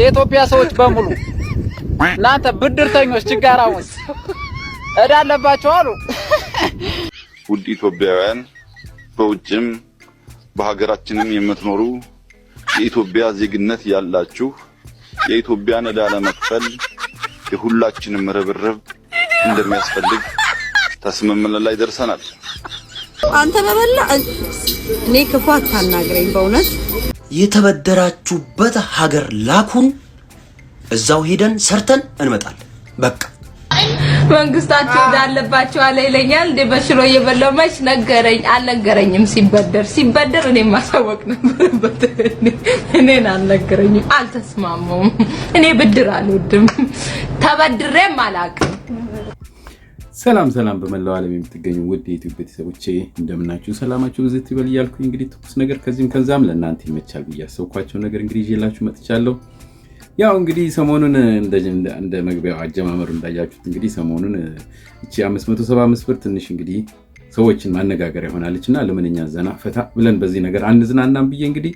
የኢትዮጵያ ሰዎች በሙሉ እናንተ ብድርተኞች፣ ችጋራሞች እዳ አለባቸው አሉ። ውድ ኢትዮጵያውያን፣ በውጭም በሀገራችንም የምትኖሩ የኢትዮጵያ ዜግነት ያላችሁ የኢትዮጵያን እዳ ለመክፈል የሁላችንም ርብርብ እንደሚያስፈልግ ተስማምተን ላይ ደርሰናል። አንተ በበላ እኔ ክፉ አታናግረኝ በእውነት የተበደራችሁበት ሀገር ላኩን፣ እዛው ሄደን ሰርተን እንመጣለን። በቃ መንግስታችሁ እዳለባችሁ አለ ይለኛል። እንደ በሽሮ እየበላሁ መች ነገረኝ አልነገረኝም። ሲበደር ሲበደር እኔ ማሳወቅ ነበረበት። እኔን አልነገረኝም፣ አልተስማማውም። እኔ ብድር አልወድም፣ ተበድሬም አላውቅም። ሰላም ሰላም በመላው ዓለም የምትገኙ ውድ የኢትዮ ቤተሰቦቼ እንደምናችሁ ሰላማችሁ ብዝት ይበል እያልኩ እንግዲህ ትኩስ ነገር ከዚህም ከዛም ለእናንተ ይመቻል ብዬ ነገር እንግዲህ ይዤላችሁ መጥቻለሁ። ያው እንግዲህ ሰሞኑን እንደ መግቢያው አጀማመሩ እንዳያችሁት እንግዲህ ሰሞኑን እቺ 575 ብር ትንሽ እንግዲህ ሰዎችን ማነጋገሪያ ይሆናለች እና ለምንኛ ዘና ፈታ ብለን በዚህ ነገር አንዝናናም ብዬ እንግዲህ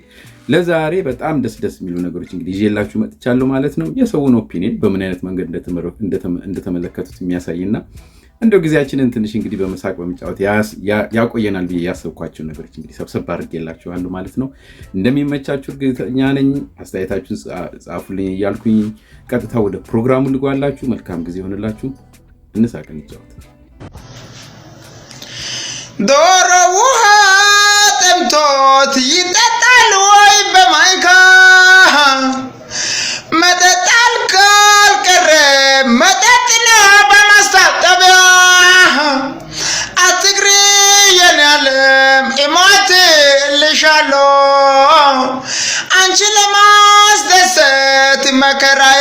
ለዛሬ በጣም ደስ ደስ የሚሉ ነገሮች እንግዲህ ይዤላችሁ መጥቻለሁ ማለት ነው። የሰውን ኦፒኒን በምን አይነት መንገድ እንደተመለከቱት የሚያሳይና እንደው ጊዜያችንን ትንሽ እንግዲህ በመሳቅ በመጫወት ያቆየናል ብዬ ያሰብኳቸው ነገሮች እንግዲህ ሰብሰብ አድርጌላችኋለሁ ማለት ነው። እንደሚመቻችሁ እርግጠኛ ነኝ። አስተያየታችሁን ጻፉልኝ እያልኩኝ ቀጥታ ወደ ፕሮግራሙ ልጓላችሁ። መልካም ጊዜ ይሆንላችሁ። እንሳቅ፣ እንጫወት። ዶሮ ውሃ ጠምቶት ይጠጣል ወይ በማይካ कराया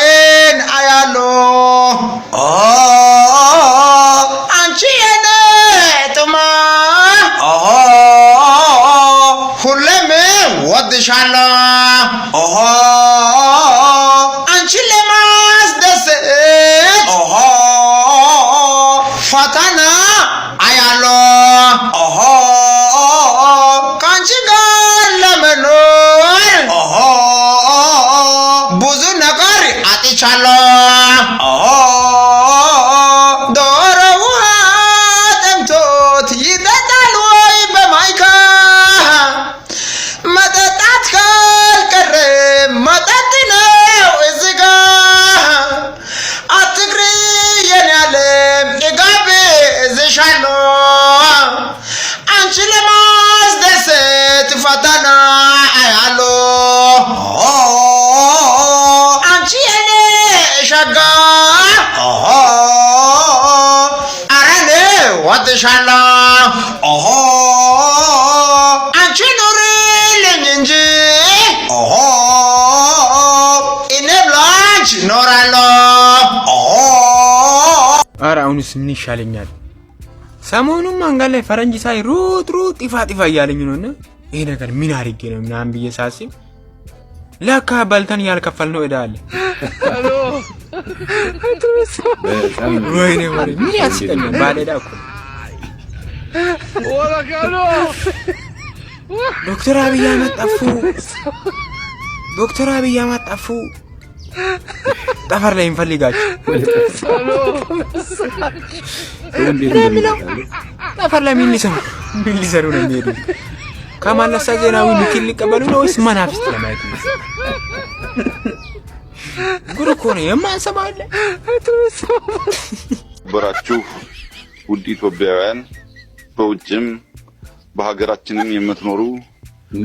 አሁንስ ምን ይሻለኛል? ሰሞኑን መንገድ ላይ ፈረንጅ ሳይ ሩጥ ሩጥ ጥፋ ጥፋ እያለኝ ነው እና ይሄ ነገር ምን አድርጌ ነው ምናምን ብዬ ሳስብ ለካ በልተን ያልከፈልነው ዕዳ አለ። ወይኔ ወሬ ምን ያስቀኛል? ባለ ዕዳ እኮ ዶክተር አብይ አህመድ ጠፉ። ዶክተር አብይ አህመድ ጠፉ። ጠፈር ላይ እንፈልጋችሁ። ጠፈር ላይ ምን ሊሰሩ ምን ሊሰሩ ነው የሚሄዱ? ከማነሳ ዜናዊ ልኪል ሊቀበሉ ነው ወይስ መናፍስት ለማየት ነው? ጉድ እኮ ነው የማንሰማው አለ። በራችሁ ውድ ኢትዮጵያውያን፣ በውጭም በሀገራችንም የምትኖሩ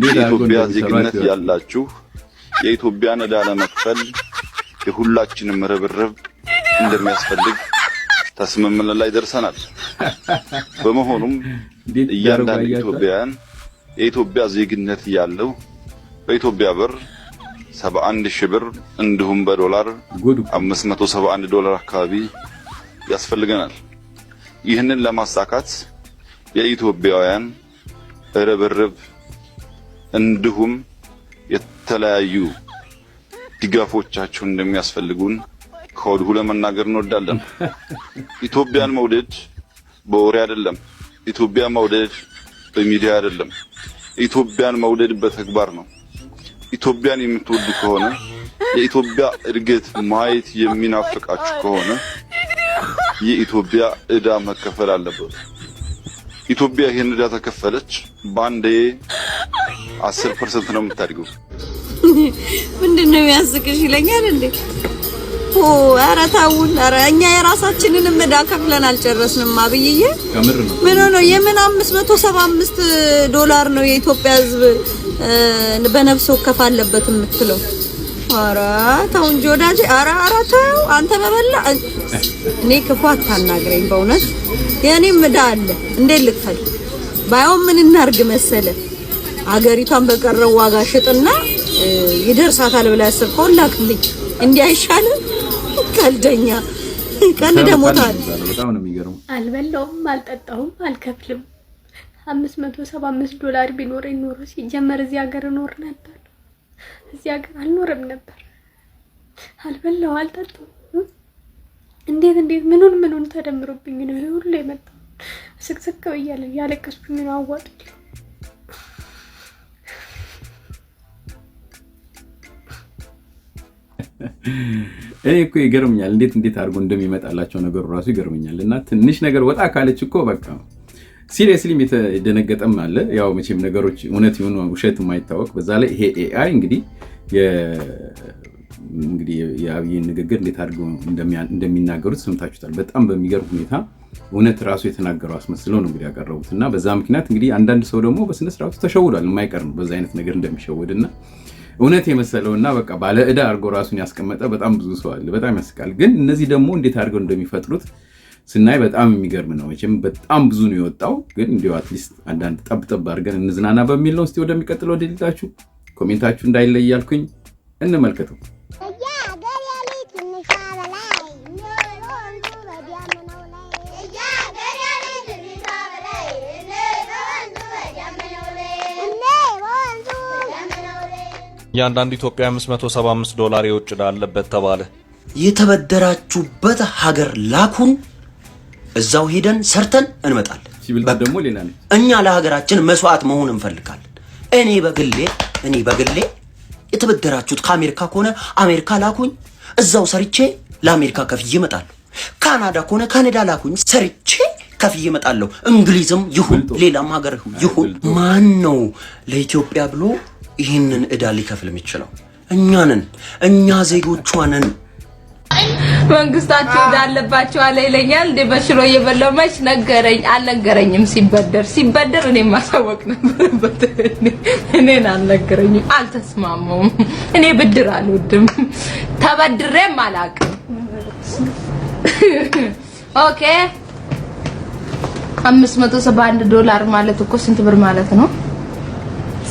የኢትዮጵያ ዜግነት ያላችሁ የኢትዮጵያን ዕዳ ለመክፈል የሁላችንም ርብርብ እንደሚያስፈልግ ስምምነት ላይ ደርሰናል። በመሆኑም እያንዳንዱ ኢትዮጵያውያን የኢትዮጵያ ዜግነት ያለው በኢትዮጵያ ብር 71 ሺህ ብር እንዲሁም በዶላር 571 ዶላር አካባቢ ያስፈልገናል። ይህንን ለማሳካት የኢትዮጵያውያን ርብርብ እንዲሁም የተለያዩ ድጋፎቻችሁን እንደሚያስፈልጉን ከወዲሁ ለመናገር እንወዳለን። ኢትዮጵያን መውደድ በወሬ አይደለም። ኢትዮጵያ መውደድ በሚዲያ አይደለም። ኢትዮጵያን መውደድ በተግባር ነው። ኢትዮጵያን የምትወዱ ከሆነ የኢትዮጵያ እድገት ማየት የሚናፍቃችሁ ከሆነ የኢትዮጵያ እዳ መከፈል አለበት። ኢትዮጵያ ይህን እዳ ተከፈለች፣ በአንዴ 10% ነው የምታድገው። ምንድን ነው የሚያስቅሽ ይለኛል እንዴ ኦ ኧረ ተውን ኧረ እኛ የራሳችንን እዳ ከፍለን አልጨረስንም አብይዬ ምን ነው የምን 575 ዶላር ነው የኢትዮጵያ ህዝብ በነፍስ ወከፍ አለበት የምትለው ኧረ ተው እንጂ ወዳጄ ኧረ ኧረ ተው አንተ በበላ እኔ ክፉ አታናግረኝ በእውነት የእኔም እዳ አለ እንዴት ልክፈል ባይሆን ምን እናርግ መሰለ አገሪቷን በቀረው ዋጋ ሽጥና ይደርሳታል ብላ ያሰብከውን ላክልኝ። እንዲህ አይሻልም? ቀልደኛ ቀልደ ሞታል። አልበላውም፣ አልጠጣውም አልከፍልም። አምስት መቶ ሰባ አምስት ዶላር ቢኖረኝ ኖሮ ሲጀመር እዚህ ሀገር እኖር ነበር። እዚህ ሀገር አልኖርም ነበር። አልበላው፣ አልጠጣው እንዴት እንዴት ምኑን ምኑን ተደምሮብኝ ነው ሁሉ የመጣው። ስቅስቅ ብያለሁ፣ ያለቀስኩኝ ነው። አዋጡኝ እኔ እኮ ይገርምኛል፣ እንዴት እንዴት አድርጎ እንደሚመጣላቸው ነገሩ ራሱ ይገርምኛል። እና ትንሽ ነገር ወጣ ካለች እኮ በቃ ሲሪየስሊም የተደነገጠም አለ። ያው መቼም ነገሮች እውነት የሆኑ ውሸት የማይታወቅ በዛ ላይ ይሄ ኤአይ እንግዲህ እንግዲህ የአብይን ንግግር እንዴት አድርገው እንደሚናገሩት ሰምታችሁታል። በጣም በሚገርም ሁኔታ እውነት ራሱ የተናገረው አስመስለው ነው እንግዲህ ያቀረቡት እና በዛ ምክንያት እንግዲህ አንዳንድ ሰው ደግሞ በስነስርዓቱ ተሸውዷል። የማይቀር ነው በዛ አይነት ነገር እንደሚሸወድ እና እውነት የመሰለውና በቃ ባለ ዕዳ አድርጎ ራሱን ያስቀመጠ በጣም ብዙ ሰው አለ። በጣም ያስቃል። ግን እነዚህ ደግሞ እንዴት አድርገው እንደሚፈጥሩት ስናይ በጣም የሚገርም ነው። መቼም በጣም ብዙ ነው የወጣው። ግን እንዲሁ አትሊስት አንዳንድ ጠብጠብ አድርገን እንዝናና በሚል ነው። እስኪ ወደሚቀጥለው ድልታችሁ ኮሜንታችሁ እንዳይለይ ያልኩኝ እንመልከተው። እያንዳንዱ ኢትዮጵያ 575 ዶላር የውጭ ዕዳ አለበት ተባለ። የተበደራችሁበት ሀገር ላኩን፣ እዛው ሄደን ሰርተን እንመጣለን። ደግሞ ሌላ እኛ ለሀገራችን መስዋዕት መሆን እንፈልጋለን። እኔ በግሌ እኔ በግሌ የተበደራችሁት ከአሜሪካ ከሆነ አሜሪካ ላኩኝ፣ እዛው ሰርቼ ለአሜሪካ ከፍዬ እመጣለሁ። ካናዳ ከሆነ ካናዳ ላኩኝ፣ ሰርቼ ከፍዬ እመጣለሁ። እንግሊዝም ይሁን ሌላም ሀገር ይሁን ማን ነው ለኢትዮጵያ ብሎ ይህንን እዳ ሊከፍል የሚችለው እኛንን እኛ ዜጎቿንን መንግስታቸው እዳ አለባቸው አለ ይለኛል። እንደ በሽሮ እየበላሁ መች ነገረኝ አልነገረኝም። ሲበደር ሲበደር እኔ ማሳወቅ ነበረበት። እኔን አልነገረኝም፣ አልተስማማውም። እኔ ብድር አልወድም፣ ተበድሬም አላውቅም። ኦኬ 571 ዶላር ማለት እኮ ስንት ብር ማለት ነው?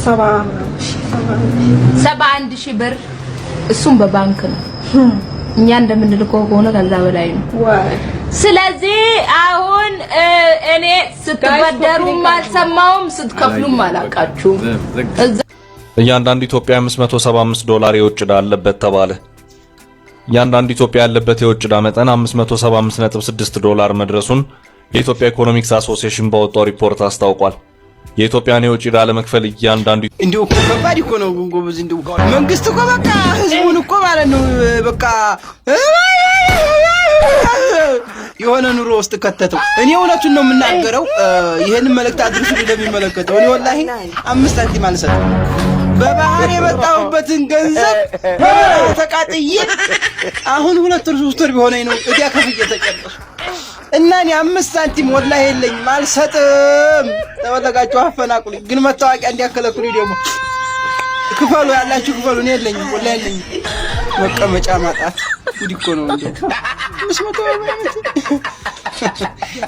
ሰባ ሰባ አንድ ሺህ ብር እሱም በባንክ ነው። እኛ እንደምንልከው ከሆነ ከዛ በላይ ነው። ስለዚህ አሁን እኔ ስትበደሩም አልሰማውም ስትከፍሉም አላቃችሁም። እያንዳንዱ ኢትዮጵያ 575 ዶላር የውጭ ዕዳ አለበት ተባለ። እያንዳንዱ ኢትዮጵያ ያለበት የውጭ ዕዳ መጠን 575.6 ዶላር መድረሱን የኢትዮጵያ ኢኮኖሚክስ አሶሲዬሽን ባወጣው ሪፖርት አስታውቋል። የኢትዮጵያን የውጭ ዕዳ ለመክፈል እያንዳንዱ እንዲሁ እኮ ከባድ እኮ ነው ጎበዝ። እንዲሁ መንግስት እኮ በቃ ህዝቡን እኮ ማለት ነው በቃ የሆነ ኑሮ ውስጥ ከተተው። እኔ እውነቱን ነው የምናገረው። ይህን መልእክት አድርሱ ለሚመለከተው እኔ ወላሂ አምስት ሳንቲም አልሰጥም። በባህር የመጣሁበትን ገንዘብ ተቃጥዬ አሁን ሁለት ወር ውስጥ ቢሆነኝ ነው እዲያ ከፍዬ ተቀበል እና እኔ አምስት ሳንቲም ወላ የለኝም አልሰጥም። ተፈለጋችሁ አፈናቅሉኝ፣ ግን መታወቂያ እንዲያከለክሉ ደግሞ ክፈሉ፣ ያላችሁ ክፈሉ። እኔ የለኝም ወላ የለኝም። መቀመጫ ማጣት ጉድ እኮ ነው።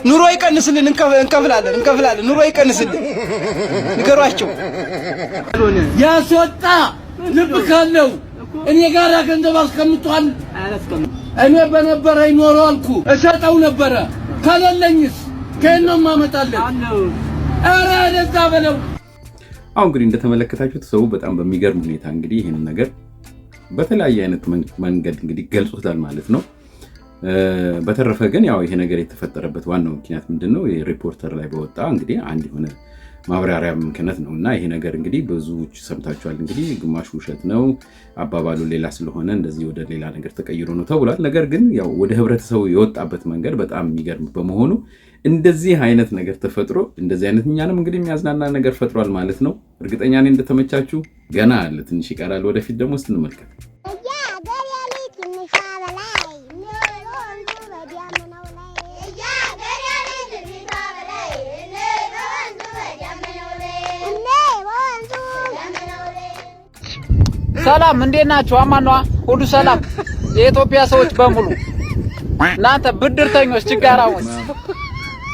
ኑሮ ይቀንስልን፣ እንከፍላለን፣ እንከፍላለን። ኑሮ ይቀንስልን፣ ንገሯቸው ያስወጣ ልብ ካለው እኔ ጋር ገንዘብ አስቀምጧል። እኔ በነበረ ይኖረ አልኩ እሰጠው ነበረ። ከሌለኝስ ከየት ነው የማመጣለን? ኧረ ደዛ በለው። አሁን እንግዲህ እንደተመለከታችሁት ሰው በጣም በሚገርም ሁኔታ እንግዲህ ይህን ነገር በተለያየ አይነት መንገድ እንግዲህ ገልጾታል ማለት ነው። በተረፈ ግን ያው ይሄ ነገር የተፈጠረበት ዋናው ምክንያት ምንድን ነው? ሪፖርተር ላይ በወጣ እንግዲህ አንድ የሆነ ማብራሪያ ምክንያት ነው እና ይሄ ነገር እንግዲህ ብዙዎች ሰምታችኋል። እንግዲህ ግማሹ ውሸት ነው አባባሉ ሌላ ስለሆነ እንደዚህ ወደ ሌላ ነገር ተቀይሮ ነው ተብሏል። ነገር ግን ያው ወደ ህብረተሰቡ የወጣበት መንገድ በጣም የሚገርም በመሆኑ እንደዚህ አይነት ነገር ተፈጥሮ እንደዚህ አይነት እኛንም እንግዲህ የሚያዝናና ነገር ፈጥሯል ማለት ነው። እርግጠኛ ነኝ እንደተመቻችሁ። ገና አለ ትንሽ ይቀራል። ወደፊት ደግሞ ስንመልከት ሰላም፣ እንዴት ናችሁ? አማኗ ሁሉ ሰላም። የኢትዮጵያ ሰዎች በሙሉ እናንተ ብድርተኞች፣ ችጋራሞች፣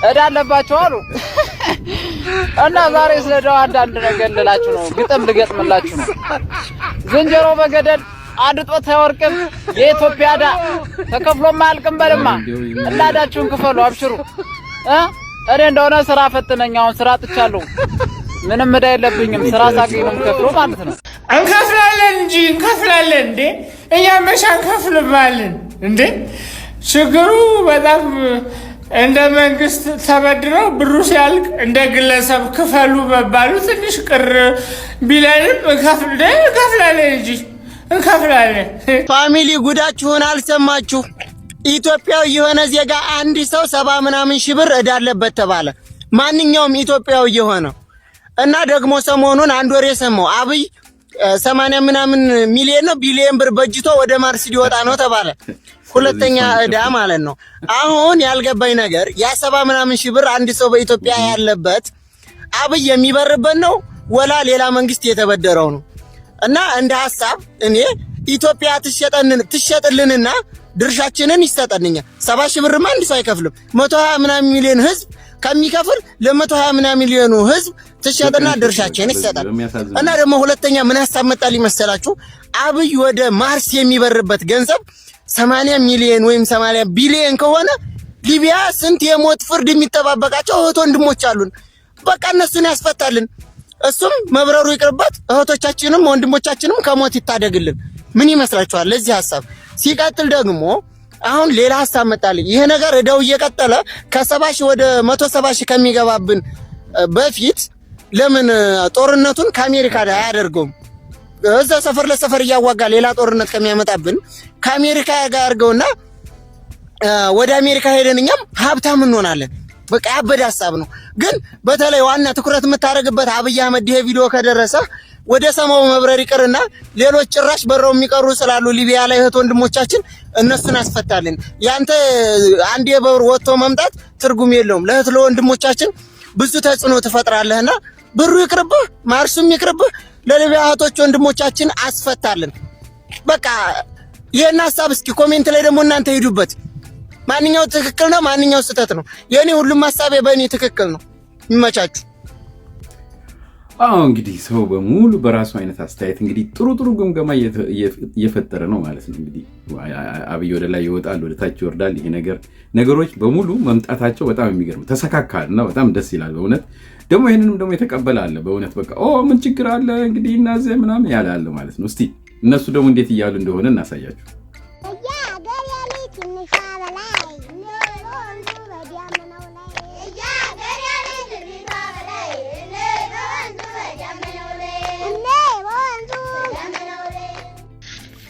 እዳ አለባችሁ አሉ እና ዛሬ ስለ እዳው አንዳንድ ነገር ልላችሁ ነው። ግጥም ልገጥምላችሁ ነው። ዝንጀሮ በገደል አድጦት አይወርቅም። የኢትዮጵያ እዳ ተከፍሎም አያልቅም። በልማ እና እዳችሁን ክፈሉ፣ አብሽሩ። እኔ እንደሆነ ስራ ፈትነኝ፣ ስራ አጥቻለሁ። ምንም ዳ የለብኝም። ስራ ሳቂ ነው ከፍሎ ማለት ነው። እንከፍላለን እንጂ እንከፍላለን እንዴ እኛ መሻ እንከፍልባለን እንዴ። ችግሩ በጣም እንደ መንግስት ተበድረው ብሩ ሲያልቅ እንደ ግለሰብ ክፈሉ መባሉ ትንሽ ቅር ቢለንም እንከፍላለን እንጂ እንከፍላለን። ፋሚሊ ጉዳችሁን አልሰማችሁ። ኢትዮጵያዊ የሆነ ዜጋ አንድ ሰው ሰባ ምናምን ሺህ ብር እዳ አለበት ተባለ። ማንኛውም ኢትዮጵያዊ የሆነው እና ደግሞ ሰሞኑን አንድ ወሬ ሰማሁ አብይ ሰማንያ ምናምን ሚሊዮን ነው ቢሊየን ብር በጅቶ ወደ ማርስ ሊወጣ ነው ተባለ። ሁለተኛ እዳ ማለት ነው። አሁን ያልገባኝ ነገር ያ ምናምን ሺህ ብር አንድ ሰው በኢትዮጵያ ያለበት አብይ የሚበርበት ነው ወላ ሌላ መንግስት የተበደረው ነው። እና እንደ ሀሳብ እኔ ኢትዮጵያ ትሸጥልንና ድርሻችንን ይሰጠንኛል። ሰባ ሺህ ብርማ አንድ ሰው አይከፍልም። መቶ ሀያ ምናምን ሚሊዮን ህዝብ ከሚከፍል ለመቶ ሀያ ምናምን ሚሊዮኑ ህዝብ ትሸጥና ድርሻችን ይሰጣል። እና ደግሞ ሁለተኛ ምን ሀሳብ መጣል ሊመሰላችሁ አብይ ወደ ማርስ የሚበርበት ገንዘብ 80 ሚሊዮን ወይም 80 ቢሊዮን ከሆነ ሊቢያ ስንት የሞት ፍርድ የሚጠባበቃቸው እህት ወንድሞች አሉን። በቃ እነሱን ያስፈታልን። እሱም መብረሩ ይቅርበት፣ እህቶቻችንም ወንድሞቻችንም ከሞት ይታደግልን። ምን ይመስላችኋል? ለዚህ ሀሳብ ሲቀጥል ደግሞ አሁን ሌላ ሀሳብ መጣልኝ። ይሄ ነገር እዳው እየቀጠለ ከሰባ ሺህ ወደ መቶ ሰባ ሺህ ከሚገባብን በፊት ለምን ጦርነቱን ከአሜሪካ ላይ አያደርገውም? እዛ ሰፈር ለሰፈር እያዋጋ ሌላ ጦርነት ከሚያመጣብን ከአሜሪካ ጋር አድርገውና ወደ አሜሪካ ሄደን እኛም ሀብታም እንሆናለን። በቃ ያበደ ሀሳብ ነው። ግን በተለይ ዋና ትኩረት የምታደርግበት አብይ አህመድ ይሄ ቪዲዮ ከደረሰ ወደ ሰማው መብረር ይቅርና ሌሎች ጭራሽ በረው የሚቀሩ ስላሉ ሊቢያ ላይ እህት ወንድሞቻችን እነሱን አስፈታልን። ያንተ አንድ የበብር ወጥቶ መምጣት ትርጉም የለውም። ለእህት ለወንድሞቻችን ብዙ ተጽዕኖ ትፈጥራለህና ብሩ ይቅርብህ፣ ማርሱም ይቅርብህ። ለሊቢያ እህቶች ወንድሞቻችን አስፈታልን። በቃ ይህን ሀሳብ እስኪ ኮሜንት ላይ ደግሞ እናንተ ሂዱበት። ማንኛው ትክክል ነው፣ ማንኛው ስህተት ነው? የእኔ ሁሉም ሀሳቤ በእኔ ትክክል ነው። ይመቻችሁ። አዎ እንግዲህ ሰው በሙሉ በራሱ አይነት አስተያየት እንግዲህ ጥሩ ጥሩ ግምገማ እየፈጠረ ነው ማለት ነው። እንግዲህ አብይ ወደ ላይ ይወጣል፣ ወደ ታች ይወርዳል። ይሄ ነገር ነገሮች በሙሉ መምጣታቸው በጣም የሚገርም ተሰካካልና በጣም ደስ ይላል በእውነት ደግሞ ይህንንም ደግሞ የተቀበለ አለ። በእውነት በቃ ምን ችግር አለ እንግዲህ እናዘ ምናምን ያለ አለ ማለት ነው። እስቲ እነሱ ደግሞ እንዴት እያሉ እንደሆነ እናሳያችሁ።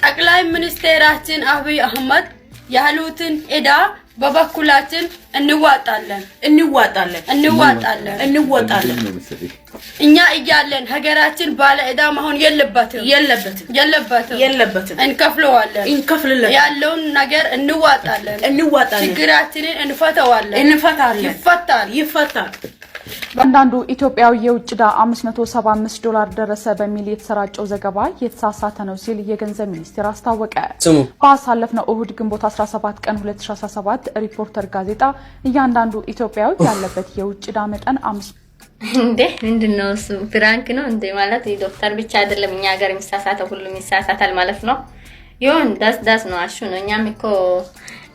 ጠቅላይ ሚኒስቴራችን አብይ አህመድ ያሉትን ዕዳ በበኩላችን እንዋጣለን እንዋጣለን እንዋጣለን እንዋጣለን። እኛ እያለን ሀገራችን ባለ እዳ መሆን የለበትም የለበትም የለበትም የለበትም። እንከፍለዋለን እንከፍልለን ያለውን ነገር እንዋጣለን እንዋጣለን። ችግራችንን እንፈተዋለን እንፈታለን ይፈታል ይፈታል። በአንዳንዱ ኢትዮጵያዊ የውጭ ዕዳ 575 ዶላር ደረሰ በሚል የተሰራጨው ዘገባ የተሳሳተ ነው ሲል የገንዘብ ሚኒስቴር አስታወቀ። በአሳለፍነው እሁድ ግንቦት 17 ቀን 2017 ሪፖርተር ጋዜጣ እያንዳንዱ ኢትዮጵያዊ ያለበት የውጭ ዕዳ መጠን እንዴ ምንድን ነው እሱ? ነው እንዴ? ማለት ዶክተር ብቻ አይደለም እኛ ሀገር የሚሳሳተው ሁሉም ይሳሳታል ማለት ነው። ይሁን ዳስ ዳስ ነው አሹ ነው። እኛም እኮ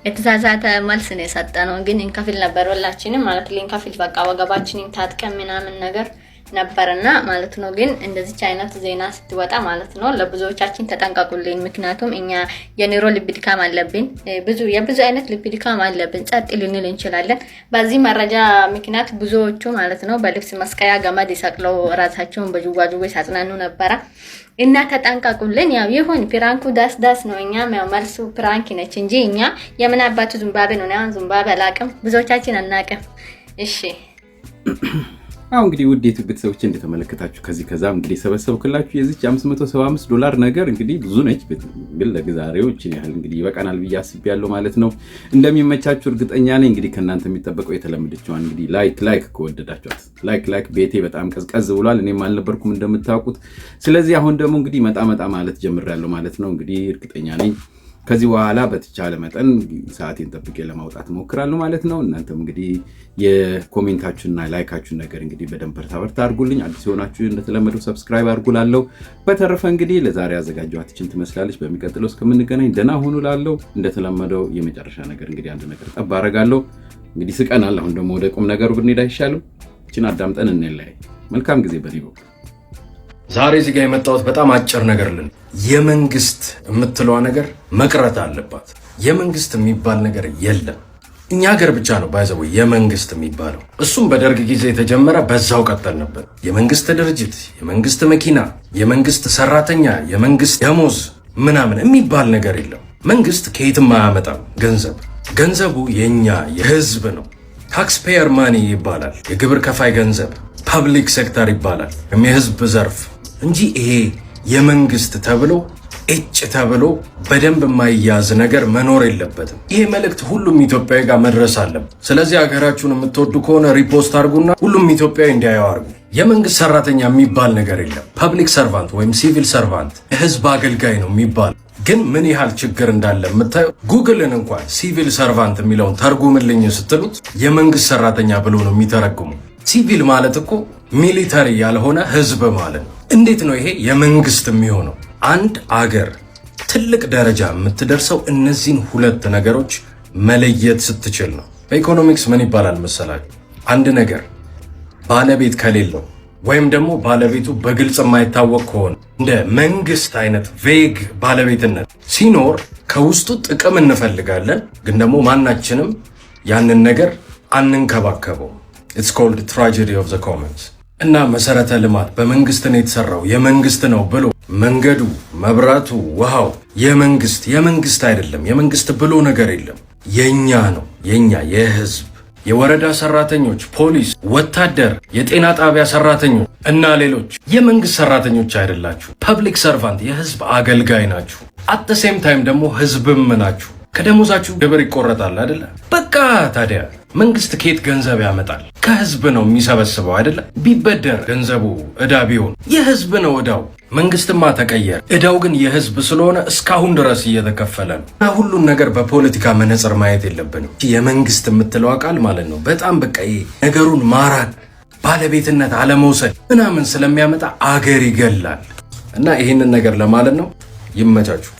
የተዛዛተ መልስ ነው የሰጠ ነው። ግን እንከፍል ነበር ሁላችንም ማለት ልንከፍል በቃ ወገባችንን ታጥቀን ምናምን ነገር ነበርና ማለት ነው። ግን እንደዚች አይነት ዜና ስትወጣ ማለት ነው ለብዙዎቻችን ተጠንቀቁልኝ። ምክንያቱም እኛ የኒሮ ልብ ድካም አለብን፣ ብዙ የብዙ አይነት ልብ ድካም አለብን። ጸጥ ልንል እንችላለን። በዚህ መረጃ ምክንያት ብዙዎቹ ማለት ነው በልብስ መስቀያ ገመድ ሰቅለው ራሳቸውን በጅዋጅዌ ሳጽናኑ ነበረ እና ተጠንቀቁልን። ያው ይሁን ፕራንኩ ዳስ ዳስ ነው። እኛ መልሱ ፕራንክ ነች እንጂ እኛ የምን አባቱ ዝምባብዌ ነው። ያን ዝምባብዌ አላቅም፣ ብዙዎቻችን አናቅም። እሺ አሁ እንግዲህ ውዴት ቤተሰቦች እንደተመለከታችሁ ከዚህ ከዛ እንግዲህ ሰበሰብኩላችሁ የዚች 575 ዶላር ነገር እንግዲህ ብዙ ነች፣ ግን ለዛሬዎችን ያህል እንግዲህ ይበቃናል ብዬ አስቤያለሁ ማለት ነው። እንደሚመቻችሁ እርግጠኛ ነኝ። እንግዲህ ከእናንተ የሚጠበቀው የተለመደችዋን እንግዲህ ላይክ ላይክ ከወደዳችኋት ላይክ ላይክ። ቤቴ በጣም ቀዝቀዝ ብሏል፣ እኔም አልነበርኩም እንደምታውቁት። ስለዚህ አሁን ደግሞ እንግዲህ መጣ መጣ ማለት ጀምሬያለሁ ማለት ነው። እንግዲህ እርግጠኛ ነኝ ከዚህ በኋላ በተቻለ መጠን ሰዓቴን ጠብቄ ለማውጣት እሞክራለሁ ማለት ነው። እናንተም እንግዲህ የኮሜንታችሁና ላይካችሁን ነገር እንግዲህ በደንብ በርታ በርታ አድርጉልኝ። አዲስ የሆናችሁ እንደተለመደው ሰብስክራይብ አድርጉላለሁ። በተረፈ እንግዲህ ለዛሬ አዘጋጀኋትችን ትመስላለች። በሚቀጥለው እስከምንገናኝ ደህና ሁኑ ላለው እንደተለመደው የመጨረሻ ነገር እንግዲህ አንድ ነገር ጠብ አደርጋለሁ። እንግዲህ ስቀናል። አሁን ደግሞ ወደ ቁም ነገሩ ብንሄድ አይሻልም? እችን አዳምጠን እንለያይ። መልካም ጊዜ። በዚህ በኩል ዛሬ እዚህ ጋ የመጣሁት በጣም አጭር ነገር ልን የመንግስት የምትለዋ ነገር መቅረት አለባት። የመንግስት የሚባል ነገር የለም። እኛ ሀገር ብቻ ነው ባይዘው የመንግስት የሚባለው። እሱም በደርግ ጊዜ የተጀመረ በዛው ቀጠል ነበር። የመንግስት ድርጅት፣ የመንግስት መኪና፣ የመንግስት ሰራተኛ፣ የመንግስት ደሞዝ ምናምን የሚባል ነገር የለም። መንግስት ከየትም አያመጣም ገንዘብ። ገንዘቡ የእኛ የህዝብ ነው። ታክስፔየር ማኒ ይባላል። የግብር ከፋይ ገንዘብ ፐብሊክ ሴክተር ይባላል። የህዝብ ዘርፍ እንጂ ይሄ የመንግስት ተብሎ እጭ ተብሎ በደንብ የማይያዝ ነገር መኖር የለበትም። ይሄ መልእክት ሁሉም ኢትዮጵያዊ ጋር መድረስ አለም። ስለዚህ ሀገራችሁን የምትወዱ ከሆነ ሪፖስት አድርጉና ሁሉም ኢትዮጵያዊ እንዲያየው አድርጉ። የመንግስት ሰራተኛ የሚባል ነገር የለም። ፐብሊክ ሰርቫንት ወይም ሲቪል ሰርቫንት የህዝብ አገልጋይ ነው የሚባል ግን ምን ያህል ችግር እንዳለ የምታየው ጉግልን እንኳን ሲቪል ሰርቫንት የሚለውን ተርጉምልኝ ስትሉት የመንግስት ሰራተኛ ብሎ ነው የሚተረጉሙ። ሲቪል ማለት እኮ ሚሊተሪ ያልሆነ ህዝብ ማለት ነው። እንዴት ነው ይሄ የመንግስት የሚሆነው? አንድ አገር ትልቅ ደረጃ የምትደርሰው እነዚህን ሁለት ነገሮች መለየት ስትችል ነው። በኢኮኖሚክስ ምን ይባላል መሰላችሁ? አንድ ነገር ባለቤት ከሌለው ወይም ደግሞ ባለቤቱ በግልጽ የማይታወቅ ከሆነ እንደ መንግስት አይነት ቬግ ባለቤትነት ሲኖር ከውስጡ ጥቅም እንፈልጋለን፣ ግን ደግሞ ማናችንም ያንን ነገር አንንከባከበው። ኢትስ ኮልድ ትራጀዲ ኦፍ ዘ ኮመንስ እና መሰረተ ልማት በመንግስት ነው የተሰራው የመንግስት ነው ብሎ መንገዱ፣ መብራቱ፣ ውሃው የመንግስት የመንግስት አይደለም የመንግስት ብሎ ነገር የለም። የኛ ነው የኛ የህዝብ የወረዳ ሰራተኞች፣ ፖሊስ፣ ወታደር፣ የጤና ጣቢያ ሰራተኞች እና ሌሎች የመንግስት ሰራተኞች አይደላችሁ። ፐብሊክ ሰርቫንት የህዝብ አገልጋይ ናችሁ። አት ሴም ታይም ደግሞ ህዝብም ናችሁ። ከደሞዛችሁ ግብር ይቆረጣል አይደለ? በቃ ታዲያ መንግስት ከየት ገንዘብ ያመጣል? ከህዝብ ነው የሚሰበስበው አይደለም። ቢበደር ገንዘቡ እዳ ቢሆን የህዝብ ነው እዳው። መንግስትማ ተቀየረ፣ እዳው ግን የህዝብ ስለሆነ እስካሁን ድረስ እየተከፈለ ነው። እና ሁሉን ነገር በፖለቲካ መነጽር ማየት የለብንም። የመንግስት የምትለው አቃል ማለት ነው በጣም በቃ ነገሩን ማራን፣ ባለቤትነት አለመውሰድ ምናምን ስለሚያመጣ አገር ይገላል። እና ይህንን ነገር ለማለት ነው። ይመቻችሁ።